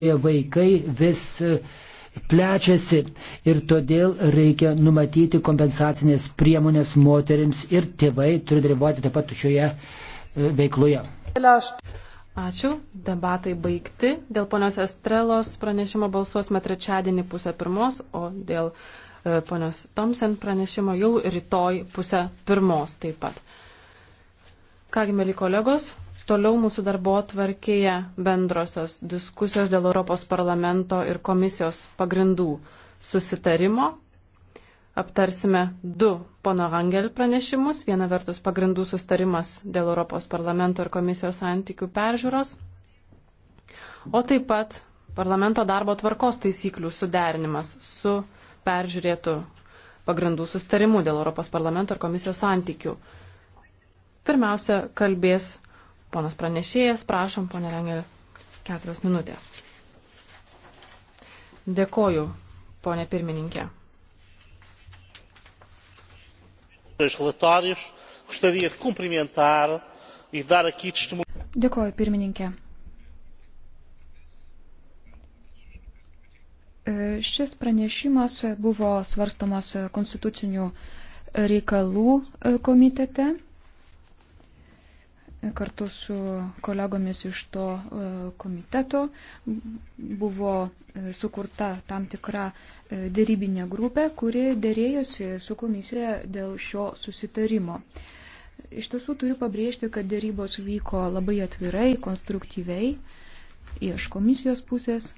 vaikai vis e, plečiasi ir todėl reikia numatyti kompensacinės priemonės moterims ir tėvai turi dalyvauti taip pat šioje e, veikloje. Ačiū. Debatai baigti. Dėl ponios Estrelos pranešimo balsuosime trečiadienį pusę pirmos, o dėl e, ponios Tomsen pranešimo jau rytoj pusę pirmos taip pat. Kągi, mėly kolegos, Toliau mūsų darbo tvarkėje bendrosios diskusijos dėl Europos parlamento ir komisijos pagrindų susitarimo. Aptarsime du pono Rangel pranešimus. Viena vertus pagrindų sustarimas dėl Europos parlamento ir komisijos santykių peržiūros, o taip pat parlamento darbo tvarkos taisyklių suderinimas su peržiūrėtų pagrindų sustarimu dėl Europos parlamento ir komisijos santykių. Pirmiausia, kalbės Ponas pranešėjas, prašom, ponė Rengė, keturios minutės. Dėkoju, ponė pirmininkė. E Dėkoju, pirmininkė. E, šis pranešimas buvo svarstomas konstitucinių reikalų e, komitete kartu su kolegomis iš to e, komiteto buvo e, sukurta tam tikra e, dėrybinė grupė, kuri dėrėjosi su komisija dėl šio susitarimo. Iš tiesų turiu pabrėžti, kad dėrybos vyko labai atvirai, konstruktyviai iš komisijos pusės.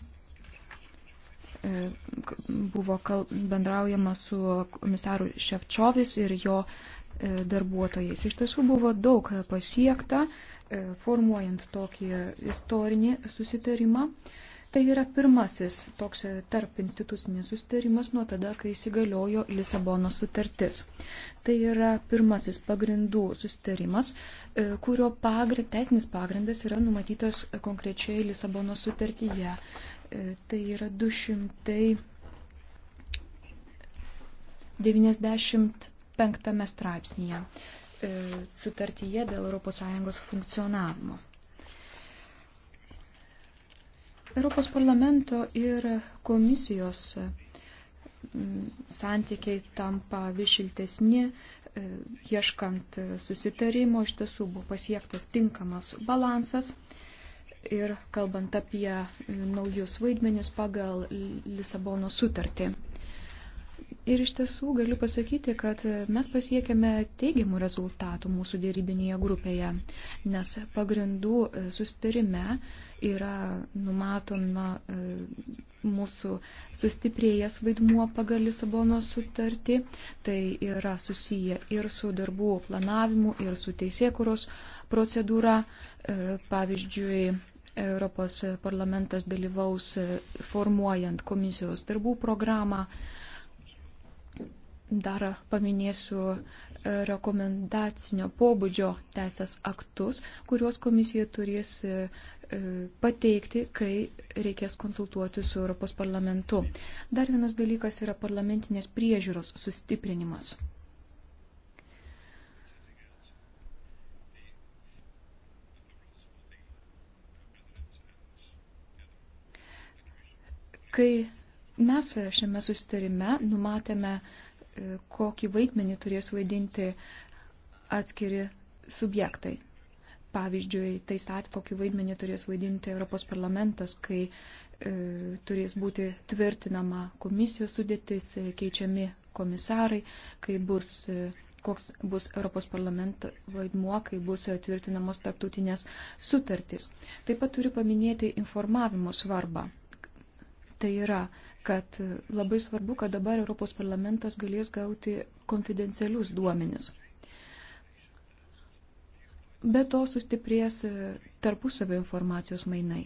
Buvo kal, bendraujama su komisaru Ševčiovis ir jo E, darbuotojais. Iš tiesų buvo daug pasiekta, e, formuojant tokį istorinį susitarimą. Tai yra pirmasis toks tarp institucinis susitarimas nuo tada, kai įsigaliojo Lisabono sutartis. Tai yra pirmasis pagrindų susitarimas, e, kurio pagri, teisinis pagrindas yra numatytas konkrečiai Lisabono sutartyje. Tai yra 290 penktame straipsnėje e, sutartyje dėl ES funkcionavimo. Europos parlamento ir komisijos e, santykiai tampa vis šiltesni, e, ieškant susitarimo iš tiesų buvo pasiektas tinkamas balansas ir kalbant apie naujus vaidmenis pagal Lisabono sutartį. Ir iš tiesų galiu pasakyti, kad mes pasiekėme teigiamų rezultatų mūsų dėrybinėje grupėje, nes pagrindų e, sustarime yra numatoma e, mūsų sustiprėjęs vaidmuo pagal Lisabonos sutartį. Tai yra susiję ir su darbų planavimu, ir su teisėkuros procedūra. E, pavyzdžiui, Europos parlamentas dalyvaus formuojant komisijos darbų programą. Dar paminėsiu e, rekomendacinio pobūdžio teisės aktus, kuriuos komisija turės e, e, pateikti, kai reikės konsultuoti su Europos parlamentu. Dar vienas dalykas yra parlamentinės priežiūros sustiprinimas. Kai mes šiame susitarime numatėme uh, kokį vaidmenį turės vaidinti atskiri subjektai. Pavyzdžiui, tais atvejais, kokį vaidmenį turės vaidinti Europos parlamentas, kai e, turės būti tvirtinama komisijos sudėtis, e, keičiami komisarai, kai bus, e, koks bus Europos parlamento vaidmuo, kai bus tvirtinamos tarptautinės sutartys. Taip pat turiu paminėti informavimo svarbą. Tai yra, e, kad labai svarbu, kad dabar Europos parlamentas galės gauti konfidencialius duomenis. Be to sustiprės tarpusavio informacijos mainai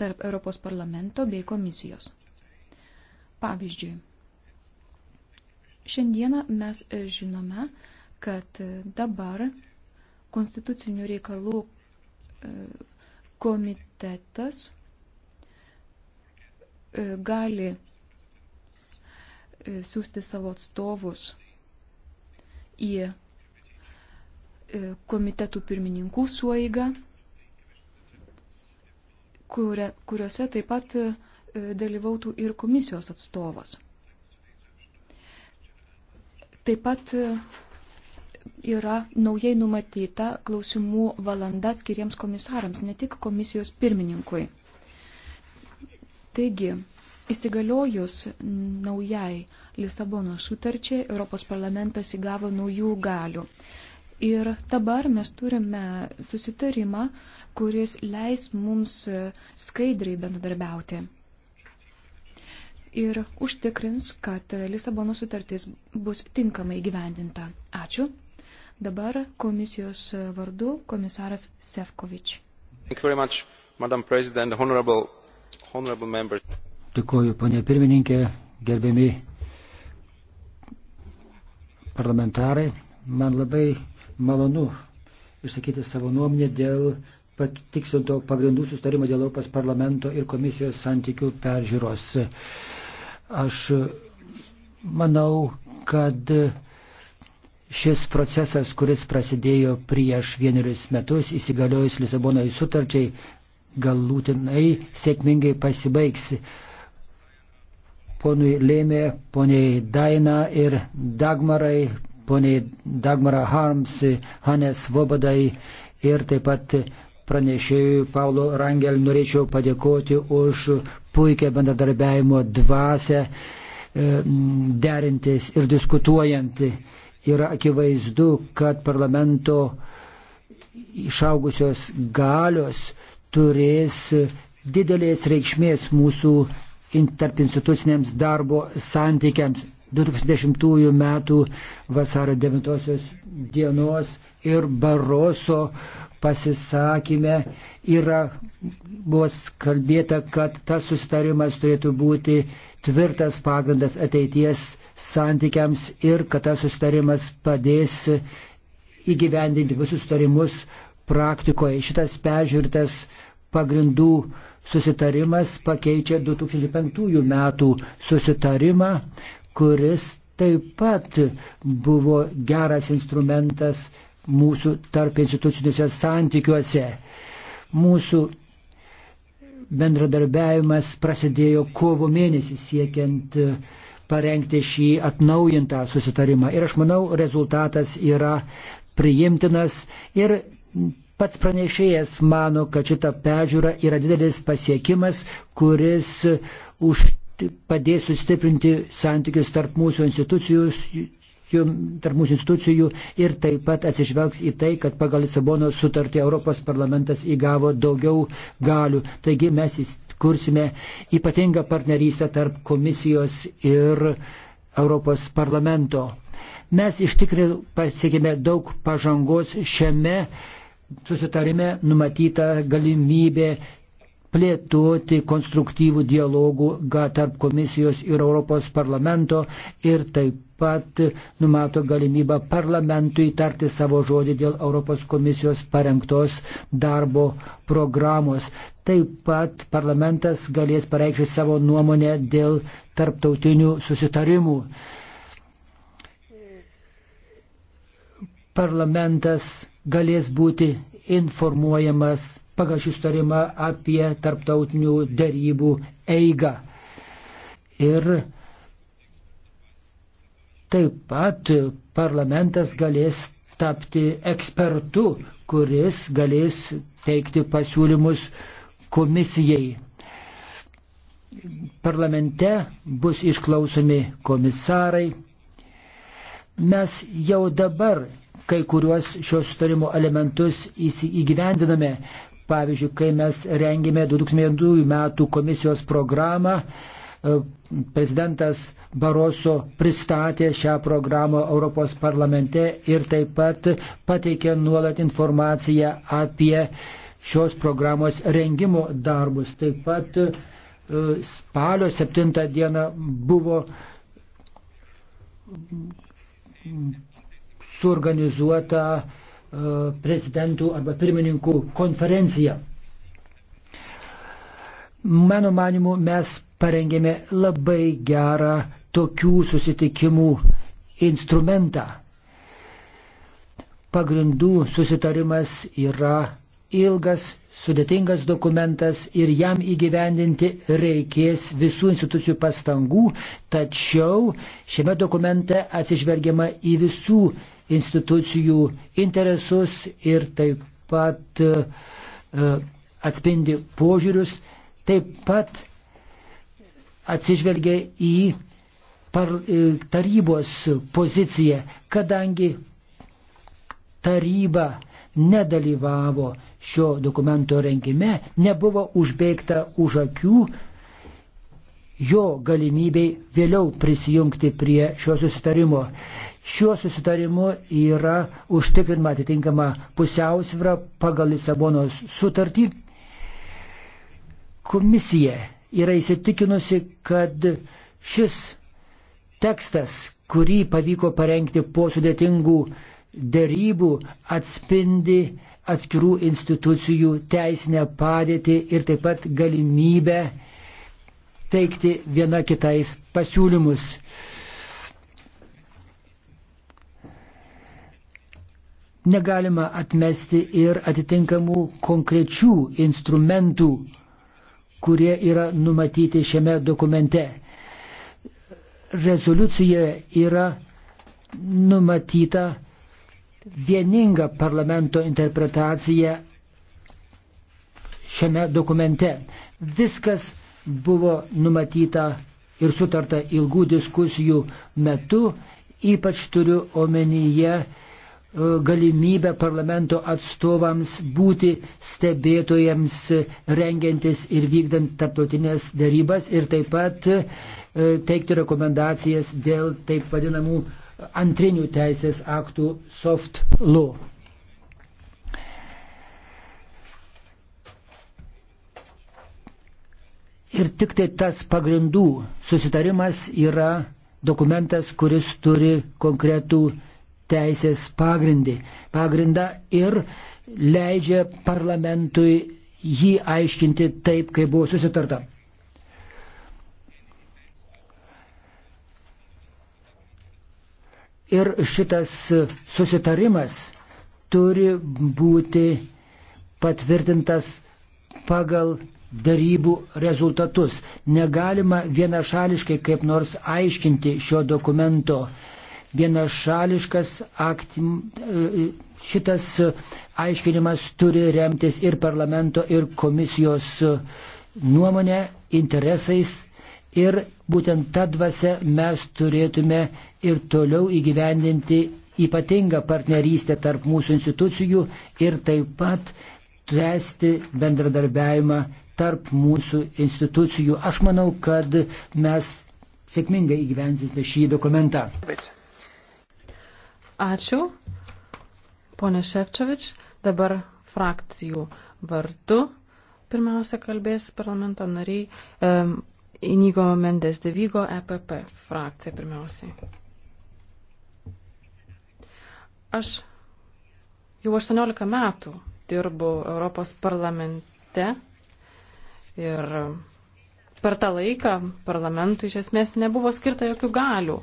tarp Europos parlamento bei komisijos. Pavyzdžiui, šiandieną mes žinome, kad dabar konstitucinių reikalų e, komitetas E, gali e, siūsti savo atstovus į e, komitetų pirmininkų suoigą, kuriuose taip pat dalyvautų ir komisijos atstovas. Taip pat yra naujai numatyta klausimų valanda atskiriems komisarams, ne tik komisijos pirmininkui. Taigi, įsigaliojus naujai Lisabono sutarčiai, Europos parlamentas įgavo naujų galių. Ir dabar mes turime susitarimą, kuris leis mums skaidriai bendradarbiauti. Ir užtikrins, kad Lisabono sutartis bus tinkamai gyvendinta. Ačiū. Dabar komisijos vardu komisaras Sefkovič. Thank you very much, Madam President, honorable Dėkuoju, ponė pirmininkė, gerbiami parlamentarai. Man labai malonu išsakyti savo nuomonę dėl patiksinto pagrindų sustarimo dėl Europos parlamento ir komisijos santykių peržiūros. Aš manau, kad šis procesas, kuris prasidėjo prieš vienerius metus įsigaliojus Lisabonai sutarčiai, galutinai sėkmingai pasibaigs. Ponui Lėmė, poniai Daina ir Dagmarai, poniai Dagmara Harms, Hanes Vobadai ir taip pat pranešėjui Paulo Rangel norėčiau padėkoti už puikią bendradarbiavimo dvasę e, derintis ir diskutuojant. Yra akivaizdu, kad parlamento išaugusios galios turės didelės reikšmės mūsų tarp instituciniams darbo santykiams 2010 m. vasario 9 dienos ir Baroso pasisakymė yra, buvo kalbėta, kad tas susitarimas turėtų būti tvirtas pagrindas ateities santykiams ir kad tas susitarimas padės įgyvendinti visus sutarimus praktikoje. Šitas peržiūrtas pagrindų susitarimas pakeičia 2005 metų susitarimą, kuris taip pat buvo geras instrumentas mūsų tarp instituciniuose santykiuose. Mūsų bendradarbiavimas prasidėjo kovo mėnesį siekiant parengti šį atnaujintą susitarimą. Ir aš manau, rezultatas yra priimtinas ir Pats pranešėjas mano, kad šita pežiūra yra didelis pasiekimas, kuris už, padės sustiprinti santykius tarp mūsų institucijų tarp mūsų institucijų ir taip pat atsižvelgs į tai, kad pagal Lisabono sutartį Europos parlamentas įgavo daugiau galių. Taigi mes kursime ypatingą partnerystę tarp komisijos ir Europos parlamento. Mes iš tikrųjų pasiekime daug pažangos šiame susitarime numatyta galimybė plėtoti konstruktyvų dialogų tarp komisijos ir Europos parlamento ir taip pat numato galimybę parlamentui tarti savo žodį dėl Europos komisijos parengtos darbo programos. Taip pat parlamentas galės pareikšti savo nuomonę dėl tarptautinių susitarimų. Parlamentas galės būti informuojamas pagal šį sutarimą apie tarptautinių dėrybų eigą. Ir taip pat parlamentas galės tapti ekspertu, kuris galės teikti pasiūlymus komisijai. Parlamente bus išklausomi komisarai. Mes jau dabar kai kuriuos šios sustarimo elementus įgyvendiname. Pavyzdžiui, kai mes rengėme 2002 metų komisijos programą, e, prezidentas Baroso pristatė šią programą Europos parlamente ir taip pat pateikė nuolat informaciją apie šios programos rengimo darbus. Taip pat e, spalio 7 dieną buvo suorganizuota e, prezidentų arba pirmininkų konferencija. Mano manimu, mes parengėme labai gerą tokių susitikimų instrumentą. Pagrindų susitarimas yra ilgas, sudėtingas dokumentas ir jam įgyvendinti reikės visų institucijų pastangų, tačiau šiame dokumente atsižvelgiama į visų institucijų interesus ir taip pat e, atspindi požiūrius, taip pat atsižvelgia į par, e, tarybos poziciją, kadangi taryba nedalyvavo šio dokumento rengime, nebuvo užbėgta už akių jo galimybei vėliau prisijungti prie šio susitarimo. Šiuo susitarimu yra užtikrinama atitinkama pusiausvyrą pagal Lisabonos sutartį. Komisija yra įsitikinusi, kad šis tekstas, kurį pavyko parengti po sudėtingų dėrybų, atspindi atskirų institucijų teisinę padėtį ir taip pat galimybę teikti viena kitais pasiūlymus. negalima atmesti ir atitinkamų konkrečių instrumentų, kurie yra numatyti šiame dokumente. Rezoliucija yra numatyta vieninga parlamento interpretacija šiame dokumente. Viskas buvo numatyta ir sutarta ilgų diskusijų metu, ypač turiu omenyje E, galimybę parlamento atstovams būti stebėtojams rengiantis ir vykdant tarptautinės darybas ir taip pat e, teikti rekomendacijas dėl taip vadinamų antrinių teisės aktų soft law. Ir tik tai tas pagrindų susitarimas yra dokumentas, kuris turi konkretų uh, teisės pagrindį, pagrindą ir leidžia parlamentui jį aiškinti taip, kaip buvo susitarta. Ir šitas susitarimas turi būti patvirtintas pagal darybų rezultatus. Negalima vienašališkai kaip nors aiškinti šio dokumento vienašališkas aktim, e, šitas aiškinimas turi remtis ir parlamento, ir komisijos nuomonė, interesais. Ir būtent tą dvasę mes turėtume ir toliau įgyvendinti ypatingą partnerystę tarp mūsų institucijų ir taip pat tęsti bendradarbiavimą tarp mūsų institucijų. Aš manau, kad mes sėkmingai įgyvensinsime šį dokumentą. Bet. Ačiū, ponė Ševčiovič. Dabar frakcijų vardu pirmiausia kalbės parlamento nariai um, Inigo Mendes Devygo, EPP frakcija pirmiausiai. Aš jau 18 metų dirbu Europos parlamente ir per tą laiką parlamentui iš esmės nebuvo skirta jokių galių.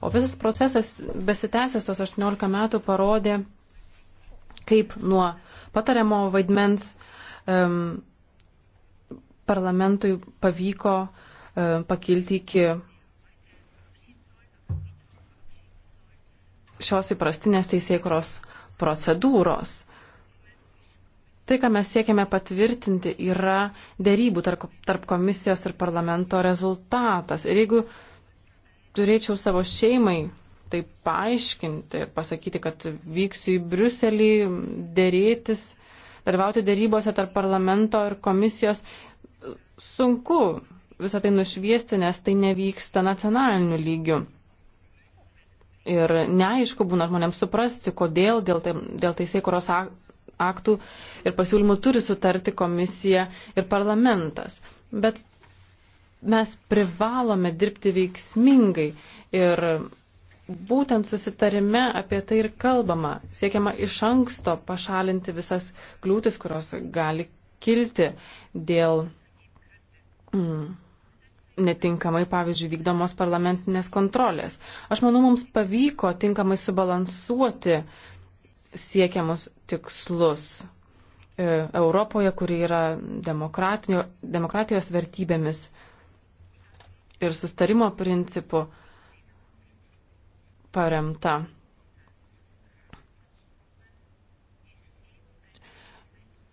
O visas procesas besitęsęs tos 18 metų parodė, kaip nuo patariamo vaidmens um, parlamentui pavyko um, pakilti iki šios įprastinės teisėkros procedūros. Tai, ką mes siekiame patvirtinti, yra dėrybų tarp, tarp komisijos ir parlamento rezultatas. Ir jeigu turėčiau savo šeimai tai paaiškinti ir pasakyti, kad vyksiu į Briuselį dėrėtis, dalyvauti dėrybose tarp parlamento ir komisijos, sunku visą tai nušviesti, nes tai nevyksta nacionaliniu lygiu. Ir neaišku būna žmonėms suprasti, kodėl dėl, tai, dėl teisėkuros aktų ir pasiūlymų turi sutarti komisija ir parlamentas. Bet mes privalome dirbti veiksmingai ir būtent susitarime apie tai ir kalbama. Siekiama iš anksto pašalinti visas kliūtis, kurios gali kilti dėl mm, netinkamai, pavyzdžiui, vykdomos parlamentinės kontrolės. Aš manau, mums pavyko tinkamai subalansuoti siekiamus tikslus e, Europoje, kuri yra demokratijos vertybėmis ir sustarimo principu paremta.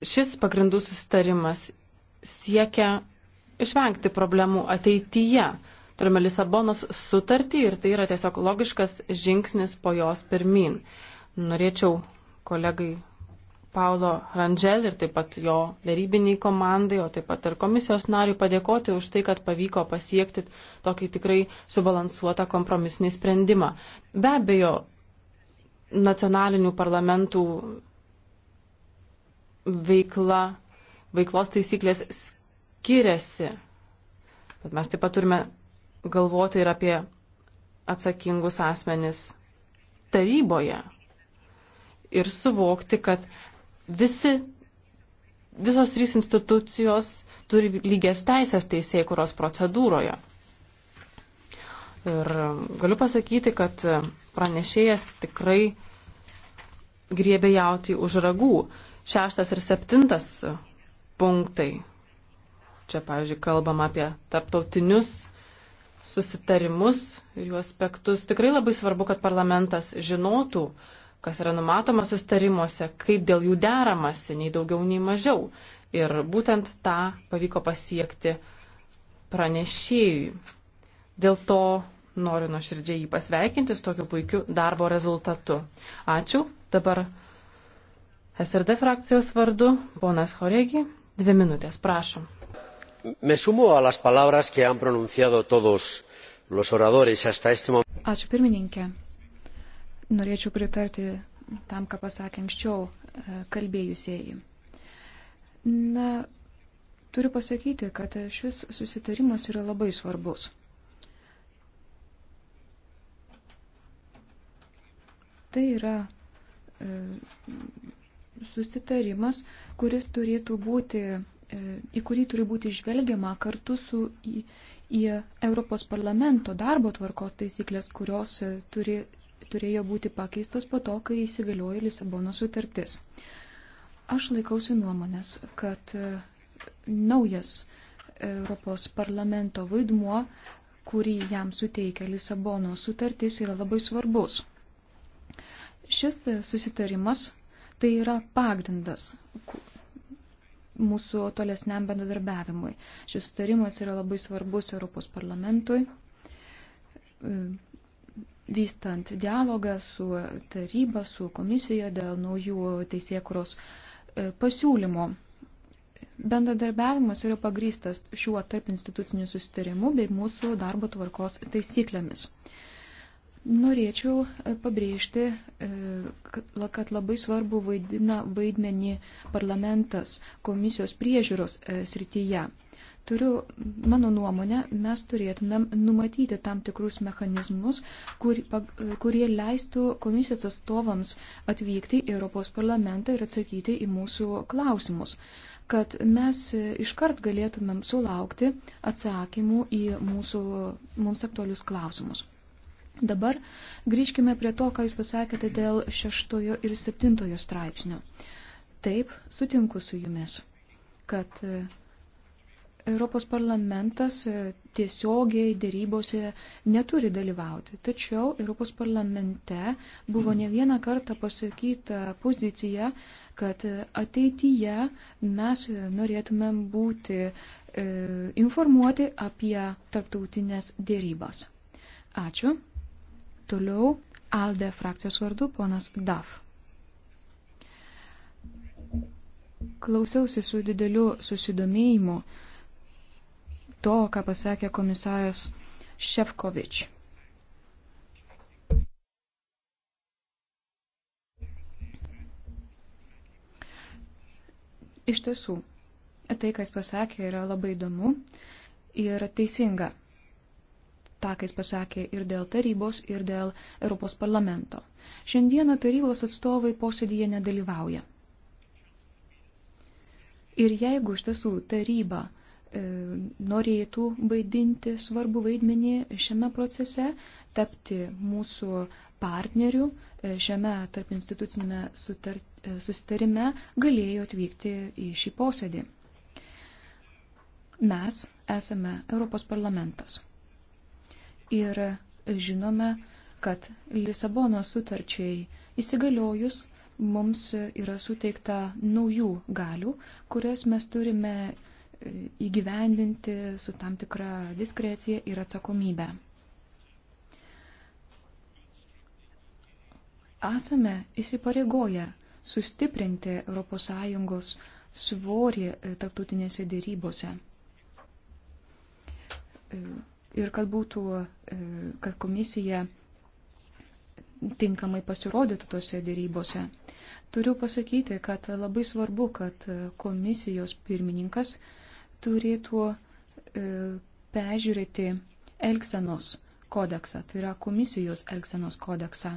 Šis pagrindų sustarimas siekia išvengti problemų ateityje. Turime Lisabonos sutartį ir tai yra tiesiog logiškas žingsnis po jos pirmin. Norėčiau kolegai Paulo Rangel ir taip pat jo darybiniai komandai, o taip pat ir komisijos nariui padėkoti už tai, kad pavyko pasiekti tokį tikrai subalansuotą kompromisinį sprendimą. Be abejo, nacionalinių parlamentų veikla, veiklos taisyklės skiriasi, bet mes taip pat turime galvoti ir apie atsakingus asmenis taryboje ir suvokti, kad visi, visos trys institucijos turi lygias teisės teisėjai kuros procedūroje. Ir galiu pasakyti, kad pranešėjas tikrai griebė jauti už ragų. Šeštas ir septintas punktai. Čia, pavyzdžiui, kalbam apie tarptautinius susitarimus ir jų aspektus. Tikrai labai svarbu, kad parlamentas žinotų, uh, kas yra numatoma sustarimuose, kaip dėl jų deramasi, nei daugiau, nei mažiau. Ir būtent tą pavyko pasiekti pranešėjui. Dėl to noriu nuoširdžiai jį pasveikinti su tokiu puikiu darbo rezultatu. Ačiū. Dabar SRD frakcijos vardu ponas Horegi. Dvi minutės, prašom. Me sumo a las palabras que han pronunciado todos los oradores hasta este momento. Ačiū pirmininkė. Norėčiau pritarti tam, ką pasakė anksčiau e, kalbėjusieji. Na, turiu pasakyti, kad šis susitarimas yra labai svarbus. Tai yra e, susitarimas, kuris turėtų būti, e, į kurį turi būti žvelgiama kartu su į, į Europos parlamento darbo tvarkos taisyklės, kurios e, turi turėjo būti pakeistas po to, kai įsigaliojo Lisabono sutartis. Aš laikausi nuomonės, kad e, naujas Europos parlamento vaidmuo, kurį jam suteikia Lisabono sutartis, yra labai svarbus. Šis e, susitarimas tai yra pagrindas mūsų tolesniam bendradarbiavimui. Šis sutarimas yra labai svarbus Europos parlamentui e, vystant dialogą su taryba, su komisija dėl naujų teisėkuros e, pasiūlymų. Bendradarbiavimas yra pagrystas šiuo tarp institucinių susitarimu bei mūsų darbo tvarkos taisyklėmis. Norėčiau e, pabrėžti, e, kad labai svarbu vaidina vaidmenį parlamentas komisijos priežiūros srityje. Turiu, mano nuomonė, mes turėtumėm numatyti tam tikrus mechanizmus, kur, kurie leistų komisijos atstovams atvykti į Europos parlamentą ir atsakyti į mūsų klausimus kad mes iškart galėtumėm sulaukti atsakymų į mūsų, mums aktualius klausimus. Dabar grįžkime prie to, ką Jūs pasakėte dėl šeštojo ir septintojo straipsnio. Taip, sutinku su Jumis, kad Europos parlamentas e, tiesiogiai dėrybose neturi dalyvauti. Tačiau Europos parlamente buvo ne vieną kartą pasakyta pozicija, kad ateityje mes norėtumėm būti e, informuoti apie tarptautinės dėrybas. Ačiū. Toliau ALDE frakcijos vardu ponas DAF. Klausiausi su dideliu susidomėjimu to, ką pasakė komisaras Šefkovič. Iš tiesų, tai, ką jis pasakė, yra labai įdomu ir teisinga. Ta, ką jis pasakė ir dėl tarybos, ir dėl Europos parlamento. Šiandieną tarybos atstovai posėdėje nedalyvauja. Ir jeigu iš tiesų taryba uh, E, norėtų vaidinti svarbu vaidmenį šiame procese, tapti mūsų partnerių e, šiame tarp institucinėme e, susitarime, galėjo atvykti į šį posėdį. Mes esame Europos parlamentas. Ir žinome, kad Lisabono sutarčiai įsigaliojus mums yra suteikta naujų galių, kurias mes turime įgyvendinti su tam tikra diskrecija ir atsakomybė. Esame įsipareigoję sustiprinti ES svorį e, tarptautinėse dėrybose. E, ir kad būtų, e, kad komisija tinkamai pasirodytų tose dėrybose. Turiu pasakyti, kad labai svarbu, kad komisijos pirmininkas turėtų e, peržiūrėti Elksenos kodeksą, tai yra komisijos Elksenos kodeksą.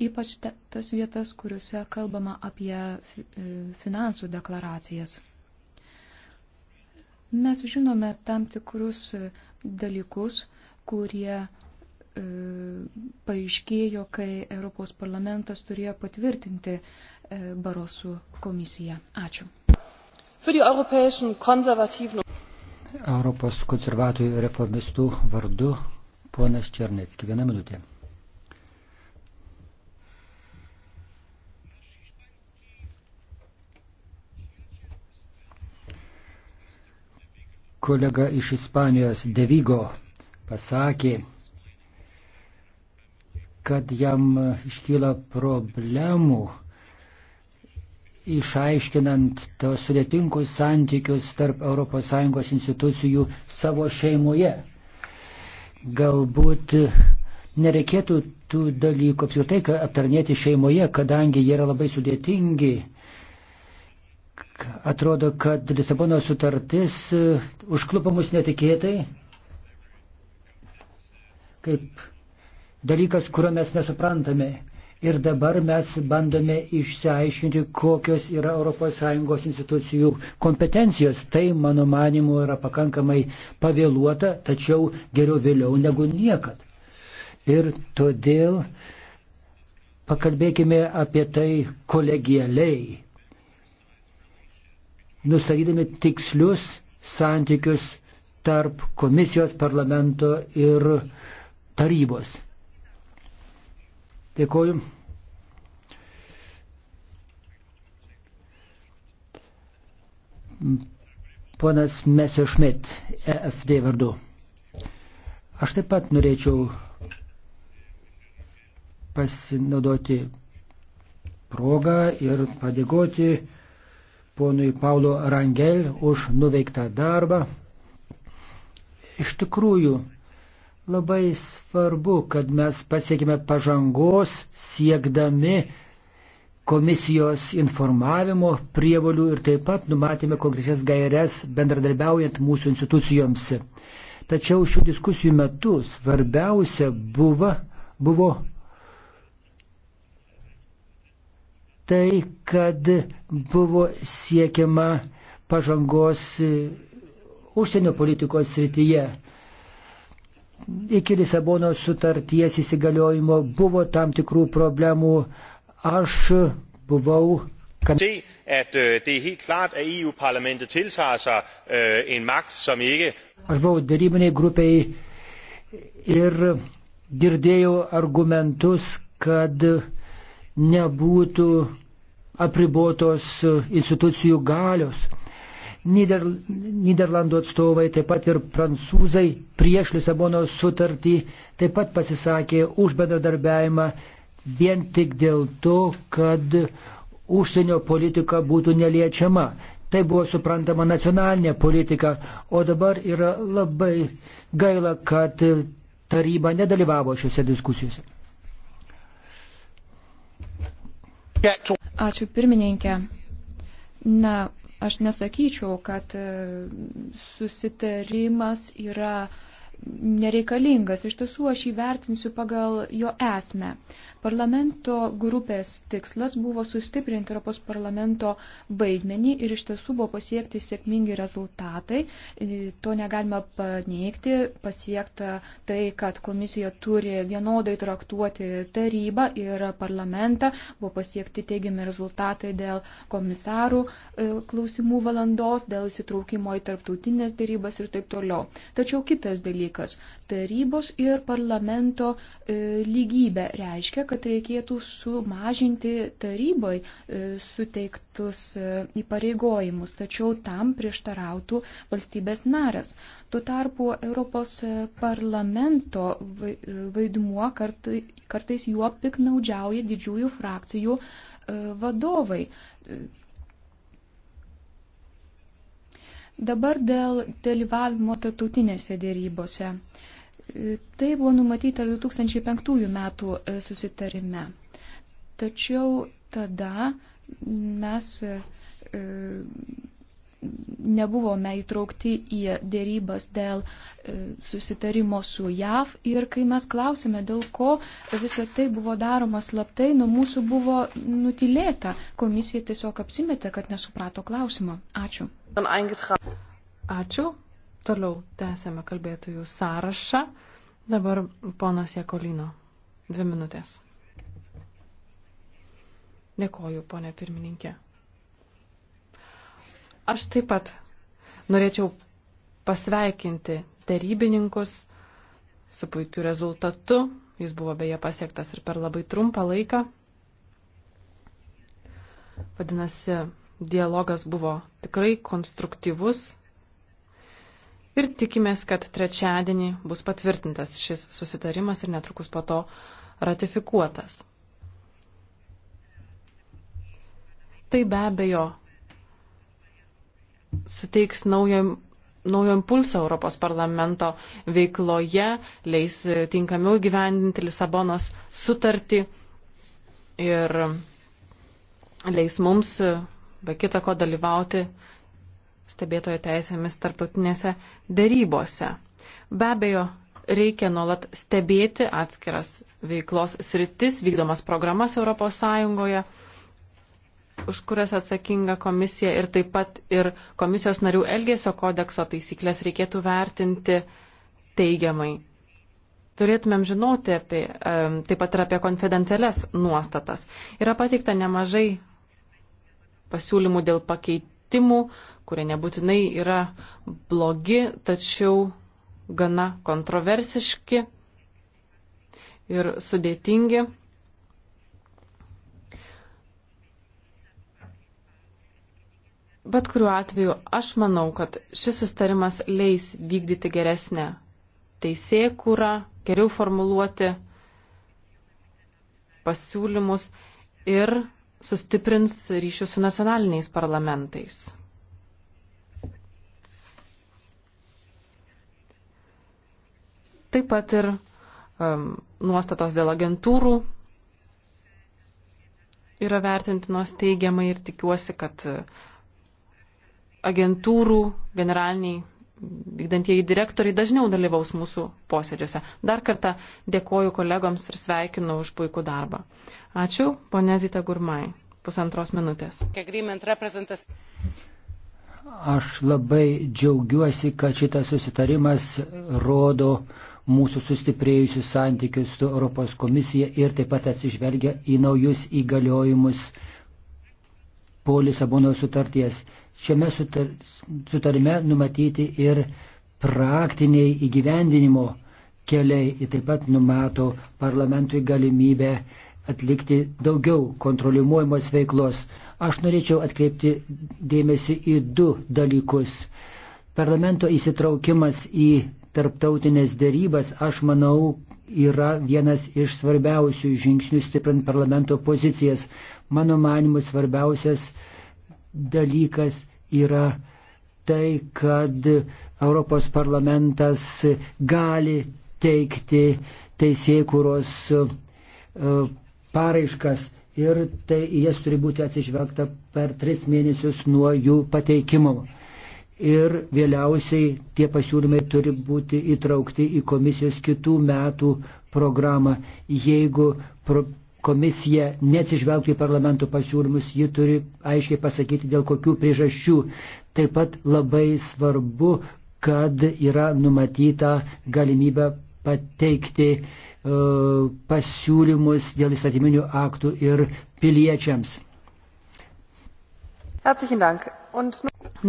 Ypač tas vietas, kuriuose kalbama apie e, finansų deklaracijas. Mes žinome tam tikrus dalykus, kurie e, paaiškėjo, kai Europos parlamentas turėjo patvirtinti Barosų komisiją. Ačiū. Europos konservatorių reformistų vardu ponas Černetski. Viena minutė. kolega iš Ispanijos Devigo pasakė, kad jam iškyla problemų išaiškinant tos sudėtingus santykius tarp ES institucijų savo šeimoje. Galbūt nereikėtų tų dalykų apskritai aptarnėti šeimoje, kadangi jie yra labai sudėtingi. Atrodo, kad Lisabono sutartis e, užklupo mus netikėtai, kaip dalykas, kurio mes nesuprantame. Ir dabar mes bandome išsiaiškinti, kokios yra ES institucijų kompetencijos. Tai, mano manimu, yra pakankamai pavėluota, tačiau geriau vėliau negu niekad. Ir todėl pakalbėkime apie tai kolegialiai, nustatydami tikslius santykius tarp komisijos parlamento ir tarybos. Dėkuoju. Ponas Messerschmidt, EFD vardu. Aš taip pat norėčiau pasinaudoti progą ir padėkoti ponui Paulo Rangel už nuveiktą darbą. Iš tikrųjų, Labai svarbu, kad mes pasiekime pažangos siekdami komisijos informavimo prievolių ir taip pat numatėme konkrečias gairias bendradarbiaujant mūsų institucijoms. Tačiau šių diskusijų metu svarbiausia buvo, buvo tai, kad buvo siekiama pažangos užsienio politikos srityje iki Lisabono sutarties įsigaliojimo buvo tam tikrų problemų. Aš buvau. Kan... At, uh, det er helt klart, at EU-parlamentet tiltager sig uh, en magt, som ikke... Aš buvau darybiniai grupiai ir girdėjau argumentus, kad nebūtų apribotos institucijų galios. Nider, Niderlandų atstovai, taip pat ir prancūzai prieš Lisabonos sutartį taip pat pasisakė už bendradarbiavimą vien tik dėl to, kad užsienio politika būtų neliečiama. Tai buvo suprantama nacionalinė politika, o dabar yra labai gaila, kad taryba nedalyvavo šiuose diskusijose. Ačiū pirmininkė. Na, Aš nesakyčiau, kad e, susitarimas yra uh, nereikalingas. Iš tiesų aš jį vertinsiu pagal jo esmę. Parlamento grupės tikslas buvo sustiprinti Europos parlamento vaidmenį ir iš tiesų buvo pasiekti sėkmingi rezultatai. E, to negalima paneigti. Pasiekta tai, kad komisija turi vienodai traktuoti tarybą ir parlamentą. Buvo pasiekti teigiami rezultatai dėl komisarų e, klausimų valandos, dėl įsitraukimo į tarptautinės dėrybas ir taip toliau. Tačiau kitas dalykas dalykas. Tarybos ir parlamento e, lygybė reiškia, kad reikėtų sumažinti tarybai e, suteiktus e, įpareigojimus, tačiau tam prieštarautų valstybės narės. Tuo tarpu Europos parlamento vaidmuo kartais juo piknaudžiauja didžiųjų frakcijų vadovai Dabar dėl dalyvavimo tarptautinėse dėrybose. Tai buvo numatyta 2005 metų e, susitarime. Tačiau tada mes e, nebuvome įtraukti į dėrybas dėl e, susitarimo su JAV ir kai mes klausime, dėl ko visą tai buvo daroma slaptai, nuo mūsų buvo nutilėta. Komisija tiesiog apsimetė, kad nesuprato klausimo. Ačiū. Ačiū. Toliau tęsėme kalbėtojų sąrašą. Dabar ponas Jekolino. Dvi minutės. Dėkoju, ponė pirmininkė. Aš taip pat norėčiau pasveikinti darybininkus su puikiu rezultatu. Jis buvo beje pasiektas ir per labai trumpą laiką. Vadinasi, dialogas buvo tikrai konstruktyvus, ir tikimės, kad trečiadienį bus patvirtintas šis susitarimas ir netrukus po to ratifikuotas. Tai be abejo suteiks naujo, naujo impulso Europos parlamento veikloje, leis tinkamiau gyvendinti Lisabonos sutartį ir leis mums be kita ko dalyvauti stebėtojo teisėmis tarptautinėse dėrybose. Be abejo, reikia nuolat stebėti atskiras veiklos sritis, vykdomas programas ES, už kurias atsakinga komisija ir taip pat ir komisijos narių elgesio kodekso taisyklės reikėtų vertinti teigiamai. Turėtumėm žinoti apie, taip pat ir apie konfidencialias nuostatas. Yra pateikta nemažai pasiūlymų dėl pakeitimų pakeitimų, kurie nebūtinai yra blogi, tačiau gana kontroversiški ir sudėtingi. Bet kuriuo atveju aš manau, kad šis sustarimas leis vykdyti geresnę teisėkūrą, geriau formuluoti pasiūlymus ir sustiprins ryšius su nacionaliniais parlamentais. Taip pat ir um, nuostatos dėl agentūrų yra vertintinos teigiamai ir tikiuosi, kad uh, agentūrų generaliniai vykdantieji direktoriai dažniau dalyvaus mūsų posėdžiuose. Dar kartą dėkoju kolegoms ir sveikinu už puikų darbą. Ačiū, ponė Zita Gurmai. Pusantros minutės. Aš labai džiaugiuosi, kad šitas susitarimas rodo mūsų sustiprėjusius santykius su Europos komisija ir taip pat atsižvelgia į naujus įgaliojimus po Lisabono sutarties. Šiame sutar, sutarime numatyti ir praktiniai įgyvendinimo keliai, ir taip pat numato parlamentui galimybę atlikti daugiau kontroliuojamos veiklos. Aš norėčiau atkreipti dėmesį į du dalykus. Parlamento įsitraukimas į tarptautinės dėrybas, aš manau, yra vienas iš svarbiausių žingsnių stiprint parlamento pozicijas. Mano manimu, svarbiausias dalykas yra tai, kad Europos parlamentas gali teikti teisėkuros e, paraiškas ir tai jas turi būti atsižvelgta per tris mėnesius nuo jų pateikimo. Ir vėliausiai tie pasiūlymai turi būti įtraukti į komisijos kitų metų programą. Jeigu pro komisija neatsižvelgtų į parlamento pasiūlymus, ji turi aiškiai pasakyti, dėl kokių priežasčių. Taip pat labai svarbu, kad yra numatyta galimybė pateikti uh, E, pasiūlymus dėl įstatyminių aktų ir piliečiams.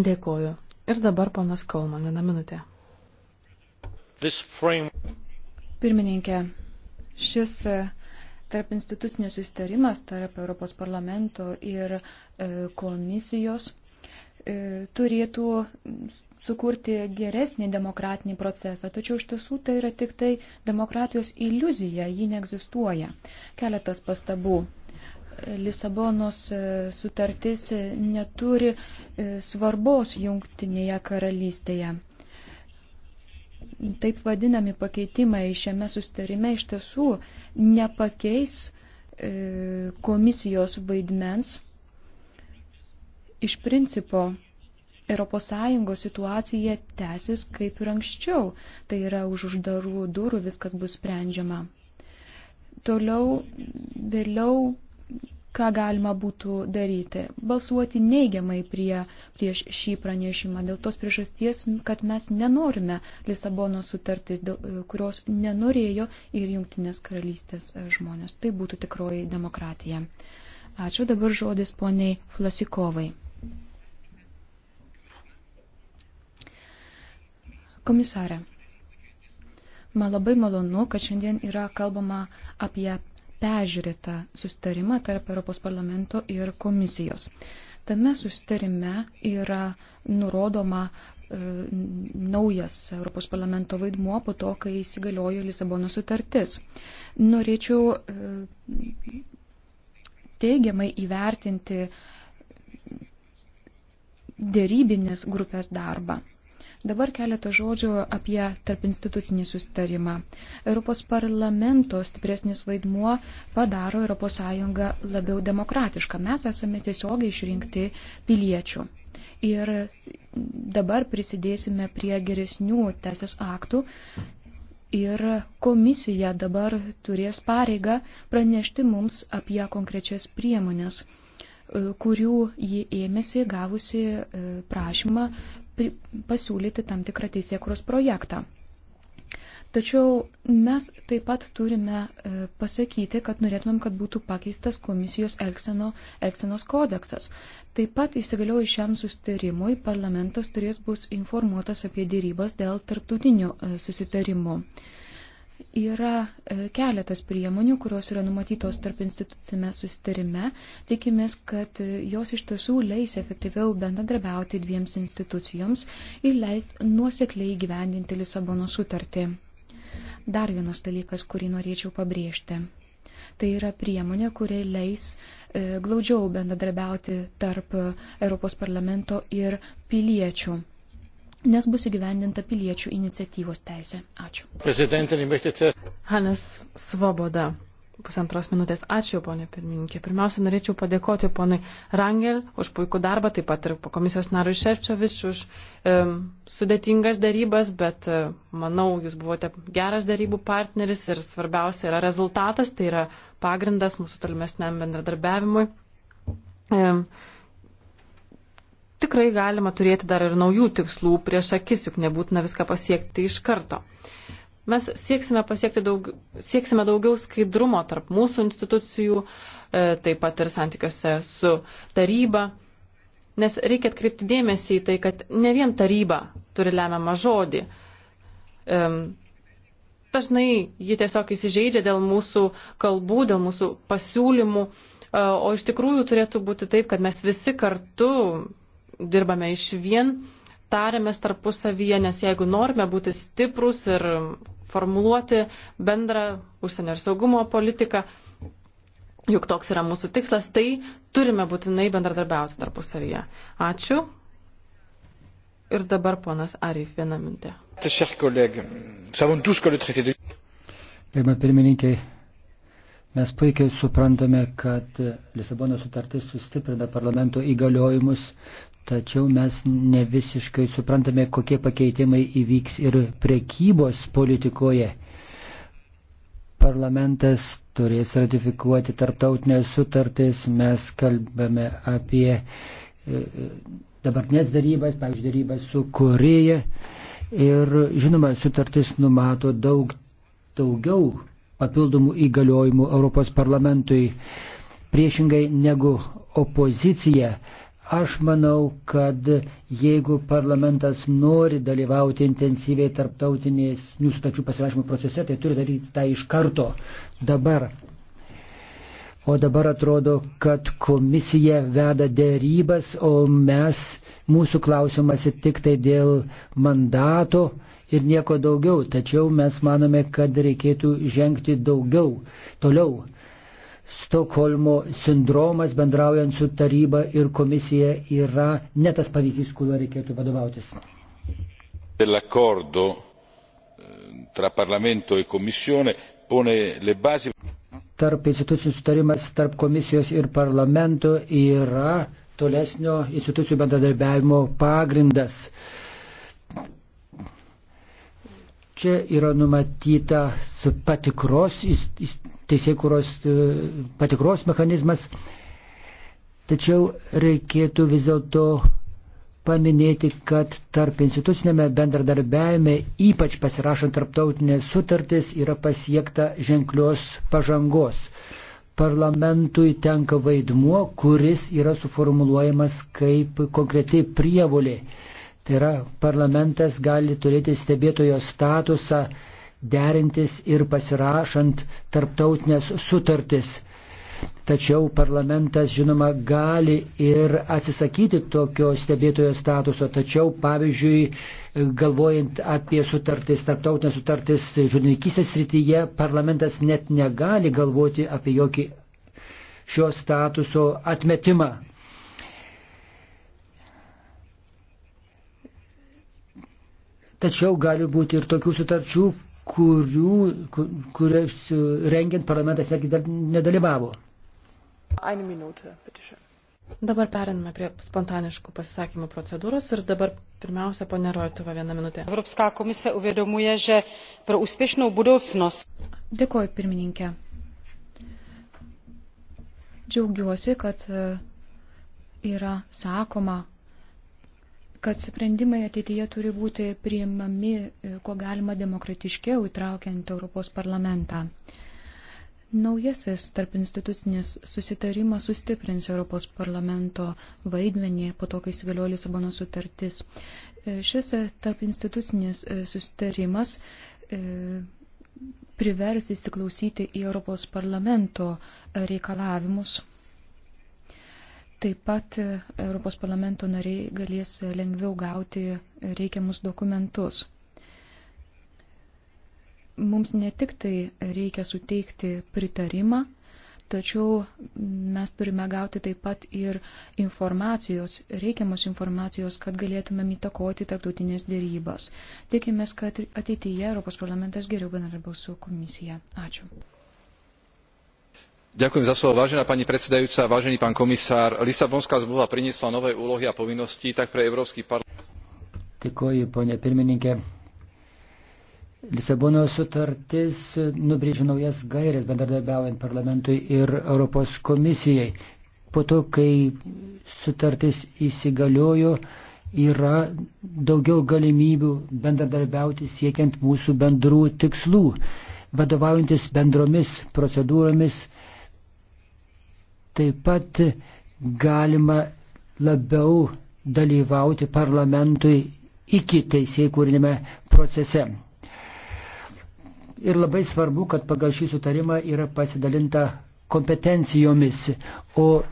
Dėkoju. Ir dabar ponas Kolman, vieną minutę. Pirmininkė, šis e, tarp institucinių sustarimas tarp Europos parlamento ir e, komisijos turėtų sukurti geresnį demokratinį procesą, tačiau iš tiesų tai yra tik tai demokratijos iliuzija, ji neegzistuoja. Keletas pastabų. Lisabonos e, sutartis e, neturi e, svarbos jungtinėje karalystėje. Taip vadinami pakeitimai šiame sustarime iš tiesų nepakeis komisijos vaidmens. Iš principo ES situacija tęsis kaip ir anksčiau. Tai yra už uždarų durų viskas bus sprendžiama. Toliau, vėliau, ką galima būtų daryti? Balsuoti neigiamai prie, prieš šį pranešimą dėl tos priežasties, kad mes nenorime Lisabono sutartis, dėl, kurios nenorėjo ir Junktinės karalystės žmonės. Tai būtų tikroji demokratija. Ačiū dabar žodis poniai Flasikovai. Komisarė, man labai malonu, kad šiandien yra kalbama apie peržiūrėtą sustarimą tarp Europos parlamento ir komisijos. Tame sustarime yra nurodoma e, naujas Europos parlamento vaidmuo po to, kai įsigaliojo Lisabono sutartis. Norėčiau e, teigiamai įvertinti dėrybinės grupės darbą. Dabar keletą žodžių apie tarp institucinį sustarimą. Europos parlamento stipresnis vaidmuo padaro ES labiau demokratišką. Mes esame tiesiogiai išrinkti piliečių. Ir dabar prisidėsime prie geresnių teisės aktų, ir komisija dabar turės pareigą pranešti mums apie konkrečias priemonės, kurių jį ėmėsi gavusi e, prašymą pasiūlyti tam tikrą teisėkuros projektą. Tačiau mes taip pat turime e, pasakyti, kad norėtumėm, kad būtų pakeistas komisijos elkseno, elksenos kodeksas. Taip pat įsigaliojus šiam sustarimui parlamentas turės bus informuotas apie dėrybas dėl tarptautinių e, susitarimų. Yra e, keletas priemonių, kurios yra numatytos tarp institucijame susitarime. Tikimės, kad e, jos iš tiesų leis efektyviau bendradarbiauti dviems institucijoms ir leis nuosekliai gyvendinti Lisabono sutartį. Dar vienas dalykas, kurį norėčiau pabrėžti. Tai yra priemonė, kuri leis e, glaudžiau bendradarbiauti tarp Europos parlamento ir piliečių nes bus įgyvendinta piliečių iniciatyvos teisė. Ačiū. Hanes Svoboda. Pusantros minutės. Ačiū, ponė pirmininkė. Pirmiausia, norėčiau padėkoti ponui Rangel už puikų darbą, taip pat ir komisijos narui Šerčiovič už um, sudėtingas darybas, bet uh, manau, jūs buvote geras darybų partneris ir svarbiausia yra rezultatas, tai yra pagrindas mūsų tolimesniam bendradarbiavimui. Um, tikrai galima turėti dar ir naujų tikslų prieš akis, juk nebūtina viską pasiekti iš karto. Mes sieksime, daug, sieksime daugiau skaidrumo tarp mūsų institucijų, e, taip pat ir santykiuose su taryba, nes reikia atkreipti dėmesį į tai, kad ne vien taryba turi lemiamą žodį. Dažnai ji tiesiog įsižeidžia dėl mūsų kalbų, dėl mūsų pasiūlymų, e, o iš tikrųjų turėtų būti taip, kad mes visi kartu dirbame iš vien, tariamės tarpusavyje, nes jeigu norime būti stiprus ir formuluoti bendrą užsienio ir saugumo politiką, juk toks yra mūsų tikslas, tai turime būtinai bendradarbiauti tarpusavyje. Ačiū. Ir dabar ponas Arif vieną mintę. Gerbiamas pirmininkė, mes puikiai suprantame, kad Lisabono sutartis sustiprina parlamento įgaliojimus, tačiau mes ne visiškai suprantame, kokie pakeitimai įvyks ir prekybos politikoje. Parlamentas turės ratifikuoti tarptautinės sutartis, mes kalbame apie e, e, dabartinės darybas, pavyzdžiui, darybas su Koreja. Ir žinoma, sutartis numato daug daugiau papildomų įgaliojimų Europos parlamentui priešingai negu opozicija Aš manau, kad jeigu parlamentas nori dalyvauti intensyviai tarptautinės nustačių pasirašymo procese, tai turi daryti tą iš karto dabar. O dabar atrodo, kad komisija veda dėrybas, o mes, mūsų klausimasi tik tai dėl mandato ir nieko daugiau. Tačiau mes manome, kad reikėtų žengti daugiau, toliau Stokholmo sindromas bendraujant su taryba ir komisija yra ne tas pavyzdys, kuriuo reikėtų vadovautis. Eh, e tarp institucijų sutarimas tarp komisijos ir parlamento yra tolesnio institucijų bendradarbiavimo pagrindas. Čia yra numatytas patikros teisėkuros e, patikros mechanizmas. Tačiau reikėtų vis dėlto paminėti, kad tarp institucinėme bendradarbiajame, ypač pasirašant tarptautinės sutartis, yra pasiekta ženklios pažangos. Parlamentui tenka vaidmuo, kuris yra suformuluojamas kaip konkreti prievolė. Tai yra, parlamentas gali turėti stebėtojo statusą derintis ir pasirašant tarptautinės sutartis. Tačiau parlamentas, žinoma, gali ir atsisakyti tokio stebėtojo statuso. Tačiau, pavyzdžiui, galvojant apie sutartis, tarptautinės sutartis žurnalistės srityje, parlamentas net negali galvoti apie jokį šio statuso atmetimą. Tačiau gali būti ir tokių sutarčių, kurių, kur, kurias e, rengiant parlamentas irgi dar nedalyvavo. Minutę, dabar periname prie spontaniškų pasisakymų procedūros ir dabar pirmiausia ponia Rojtova vieną minutę. Evropská komise uvědomuje, že pro úspěšnou budoucnost. Dėkuoju pirmininkė. Džiaugiuosi, kad e, yra sakoma, kad sprendimai ateityje turi būti priimami, e, ko galima demokratiškiau įtraukiant Europos parlamentą. Naujasis tarp institucinis susitarimas sustiprins Europos parlamento vaidmenį po to, kai įsigaliojo Lisabono sutartis. E, šis tarp institucinis e, susitarimas privers įsiklausyti į Europos parlamento reikalavimus Taip pat e, Europos parlamento nariai galės e, lengviau gauti e, reikiamus dokumentus. Mums ne tik tai reikia suteikti pritarimą, tačiau mes turime gauti taip pat ir informacijos, reikiamos informacijos, kad galėtumėm įtakoti tarptautinės dėrybas. Tikimės, kad ateityje Europos parlamentas geriau bendradarbiaus su komisija. Ačiū lisabonská zmluva priniesla nové úlohy a povinnosti tak pre európsky parlament Lisabonos sutartis nubrėžė naujas gairias bendradarbiaujant parlamentui ir Europos komisijai. Po to, kai sutartis įsigaliojo, yra daugiau galimybių bendradarbiauti siekiant mūsų bendrų tikslų, vadovaujantis bendromis procedūromis, Taip pat galima labiau dalyvauti parlamentui iki teisėjų kūrinėme procese. Ir labai svarbu, kad pagal šį sutarimą yra pasidalinta kompetencijomis, o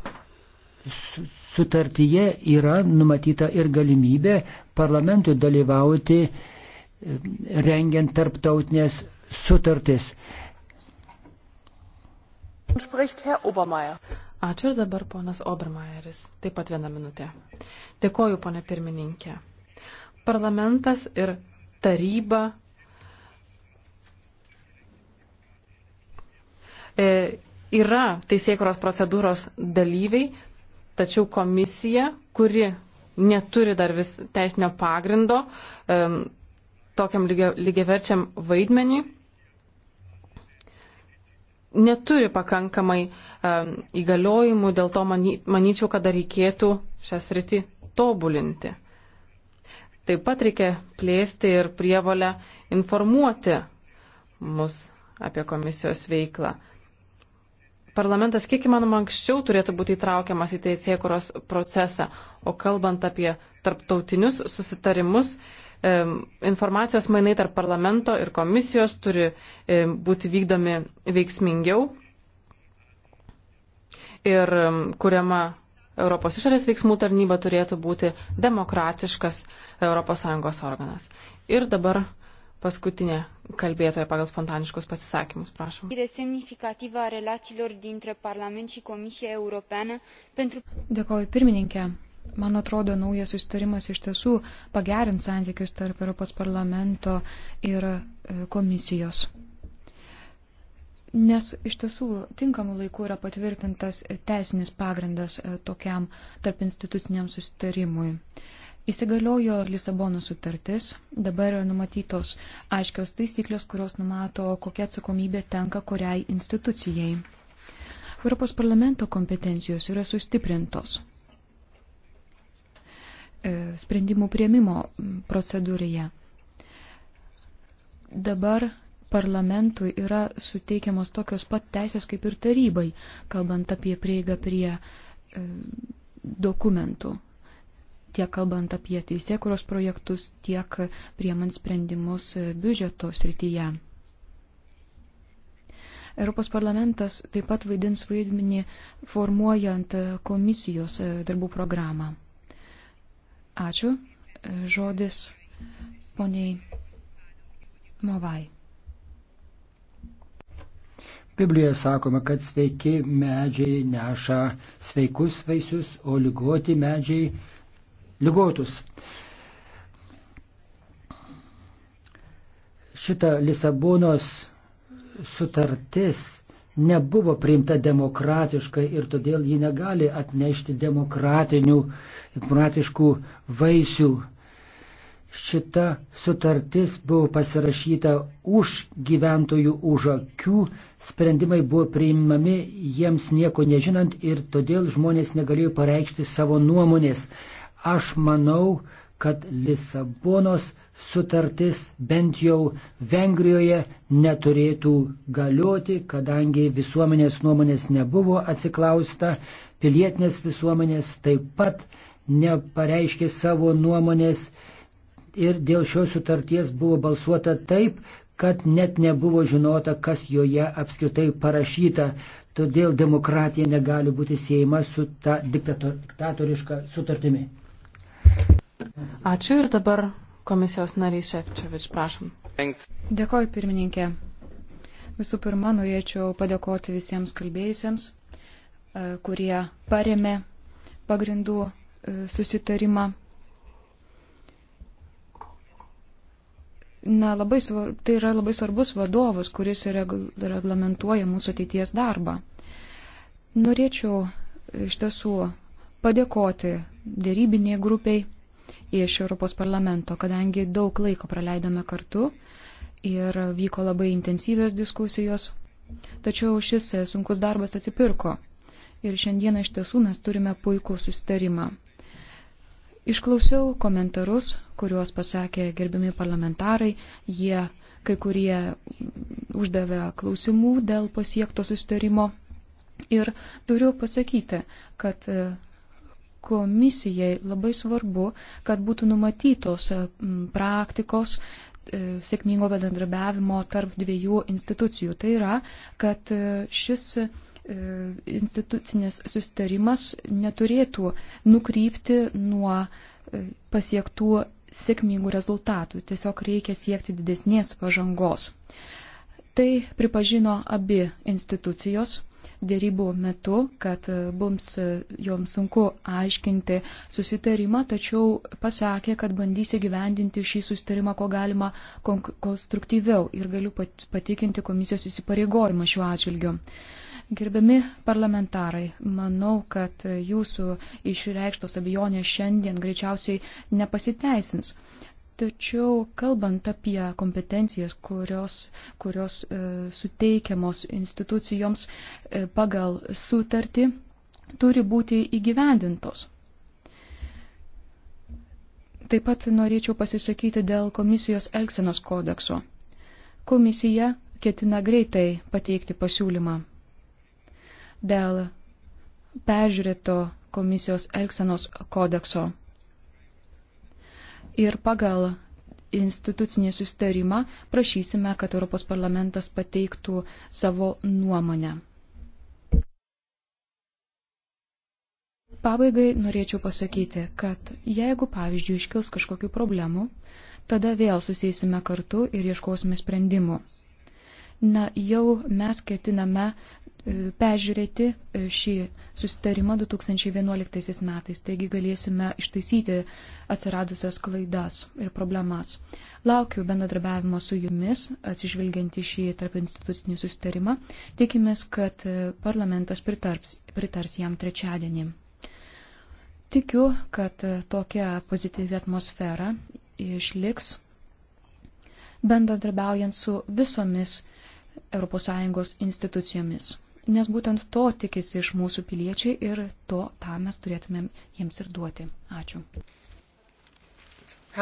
sutartyje yra numatyta ir galimybė parlamentui dalyvauti e, rengiant tarptautinės sutartis. Spricht Herr Obermeier. Ačiū ir dabar ponas Obermaeris. Taip pat vieną minutę. Dėkoju, ponė pirmininkė. Parlamentas ir taryba e, yra teisėkuros procedūros dalyviai, tačiau komisija, kuri neturi dar vis teisinio pagrindo tokiam lygiaverčiam vaidmeniui, neturi pakankamai um, įgaliojimų, dėl to many, manyčiau, kad dar reikėtų šią sritį tobulinti. Taip pat reikia plėsti ir prievalę informuoti mus apie komisijos veiklą. Parlamentas kiek įmanoma anksčiau turėtų būti įtraukiamas į teisėkuros procesą, o kalbant apie tarptautinius susitarimus, uh, informacijos mainai tarp parlamento ir komisijos turi būti vykdomi veiksmingiau ir kuriama Europos išorės veiksmų tarnyba turėtų būti demokratiškas ES organas. Ir dabar paskutinė kalbėtoja pagal spontaniškus pasisakymus, prašom. Dėkoju pirmininkė. Man atrodo, naujas sustarimas iš tiesų pagerins santykius tarp Europos parlamento ir e, komisijos. Nes iš tiesų tinkamų laikų yra patvirtintas teisinis pagrindas e, tokiam tarp instituciniam sustarimui. Įsigaliojo Lisabono sutartis, dabar yra numatytos aiškios taisyklės, kurios numato, kokia atsakomybė tenka kuriai institucijai. Europos parlamento kompetencijos yra sustiprintos. E, sprendimų prieimimo procedūrėje. Dabar parlamentui yra suteikiamos tokios pat teisės kaip ir tarybai, kalbant apie prieigą prie e, dokumentų, tiek kalbant apie teisėkuros projektus, tiek priemant sprendimus e, biudžeto srityje. Europos parlamentas taip pat vaidins vaidmenį formuojant komisijos darbų programą. Ačiū. Žodis poniai Movai. Biblijoje sakoma, kad sveiki medžiai neša sveikus vaisius, o lygoti medžiai lygotus. Šita Lisabonos sutartis nebuvo priimta demokratiškai ir todėl ji negali atnešti demokratinių, demokratiškų vaisių. Šita sutartis buvo pasirašyta už gyventojų už akių, sprendimai buvo priimami jiems nieko nežinant ir todėl žmonės negalėjo pareikšti savo nuomonės. Aš manau, kad Lisabonos sutartis bent jau Vengrijoje neturėtų galioti, kadangi visuomenės nuomonės nebuvo atsiklausta, pilietinės visuomenės taip pat nepareiškė savo nuomonės ir dėl šios sutarties buvo balsuota taip, kad net nebuvo žinota, kas joje apskritai parašyta. Todėl demokratija negali būti siejama su ta diktatoriška sutartimi. Ačiū ir dabar Komisijos narys Šefčiovič, prašom. Dėkoju, pirmininkė. Visų pirma, norėčiau padėkoti visiems kalbėjusiems, e, kurie paremė pagrindų e, susitarimą. Na, labai svar, tai yra labai svarbus vadovas, kuris reglamentuoja mūsų ateities darbą. Norėčiau iš tiesų padėkoti dėrybiniai grupiai iš Europos parlamento, kadangi daug laiko praleidome kartu ir vyko labai intensyvios diskusijos. Tačiau šis sunkus darbas atsipirko ir šiandieną iš tiesų mes turime puikų sustarimą. Išklausiau komentarus, kuriuos pasakė gerbiami parlamentarai, jie kai kurie uždavė klausimų dėl pasiekto sustarimo ir turiu pasakyti, kad komisijai labai svarbu, kad būtų numatytos e, praktikos e, sėkmingo bendradarbiavimo tarp dviejų institucijų. Tai yra, kad e, šis institucinis sustarimas neturėtų nukrypti nuo pasiektų sėkmingų rezultatų. Tiesiog reikia siekti didesnės pažangos. Tai pripažino abi institucijos dėrybų metu, kad mums e, e, joms sunku aiškinti susitarimą, tačiau pasakė, kad bandys įgyvendinti šį susitarimą, ko galima konstruktyviau ir galiu patikinti komisijos įsipareigojimą šiuo atžvilgiu. Gerbiami parlamentarai, manau, kad e, jūsų išreikštos abejonės šiandien greičiausiai nepasiteisins. Tačiau kalbant apie kompetencijas, kurios, kurios e, suteikiamos institucijoms e, pagal sutartį, turi būti įgyvendintos. Taip pat norėčiau pasisakyti dėl komisijos Elksenos kodekso. Komisija ketina greitai pateikti pasiūlymą dėl peržiūrėto komisijos Elksenos kodekso ir pagal institucinį sustarimą prašysime, kad Europos parlamentas pateiktų savo nuomonę. Pabaigai norėčiau pasakyti, kad jeigu, pavyzdžiui, iškils kažkokių problemų, tada vėl susėsime kartu ir ieškosime sprendimų. Na, jau mes ketiname e, peržiūrėti e, šį susitarimą 2011 metais, taigi galėsime ištaisyti atsiradusias klaidas ir problemas. Laukiu bendradarbiavimo su jumis, atsižvelgiant į šį tarp institucinį susitarimą. Tikimės, kad e, parlamentas pritarps, pritars jam trečiadienį. Tikiu, kad tokia pozityvi atmosfera išliks bendradarbiaujant su visomis ES institucijomis. Nes būtent to tikisi iš mūsų piliečiai ir to tą mes turėtumėm jiems ir duoti. Ačiū. Äh,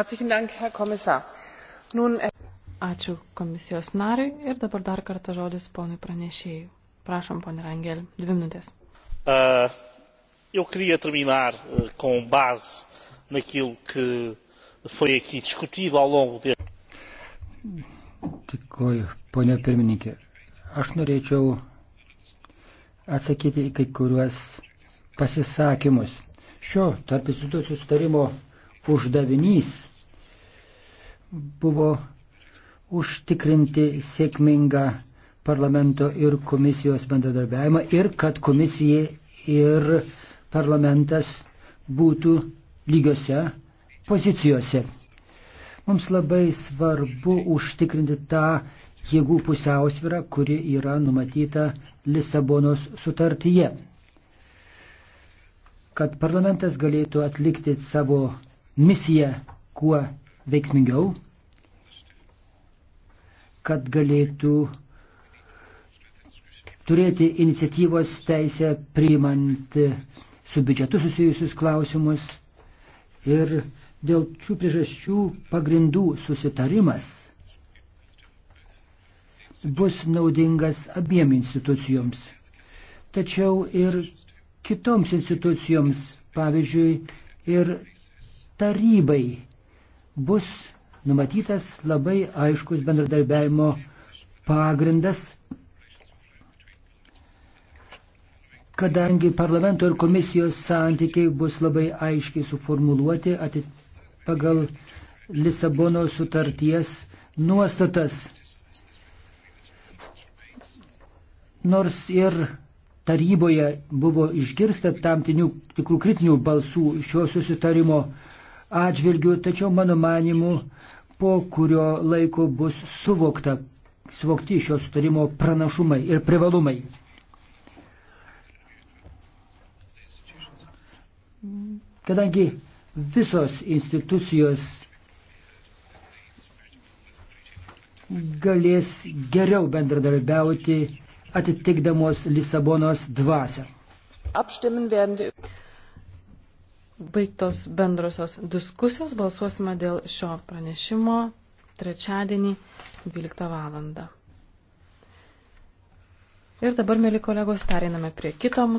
Ačiū komisijos nariui ir dabar dar kartą žodis ponui pranešėjui. Prašom, ponė Rangel, dvi minutės. Uh, eu queria terminar uh, com base naquilo que foi aqui discutido ao longo deste. Tikoju, ponė pirmininkė. Aš norėčiau atsakyti į kai kuriuos pasisakymus. Šio tarp institucijų sutarimo uždavinys buvo užtikrinti sėkmingą parlamento ir komisijos bendradarbiavimą ir kad komisija ir parlamentas būtų lygiose pozicijose. Mums labai svarbu užtikrinti tą jėgų pusiausvyrą, kuri yra numatyta Lisabonos sutartyje. Kad parlamentas galėtų atlikti savo misiją kuo veiksmingiau, kad galėtų turėti iniciatyvos teisę priimant su biudžetu susijusius klausimus ir Dėl šių priežasčių pagrindų susitarimas bus naudingas abiem institucijoms, tačiau ir kitoms institucijoms, pavyzdžiui, ir tarybai bus numatytas labai aiškus bendradarbiavimo pagrindas, kadangi parlamento ir komisijos santykiai bus labai aiškiai suformuluoti, atitinkamai pagal Lisabono sutarties nuostatas. Nors ir taryboje buvo išgirsta tam tinių, tikrų kritinių balsų šio susitarimo atžvilgių, tačiau mano manimu, po kurio laiko bus suvokta, suvokti šio sutarimo pranašumai ir privalumai. Kadangi visos institucijos galės geriau bendradarbiauti atitikdamos Lisabonos dvasę. Baigtos bendrosios diskusijos balsuosime dėl šio pranešimo trečiadienį 12 val. Ir dabar, mėly kolegos, pereiname prie kito.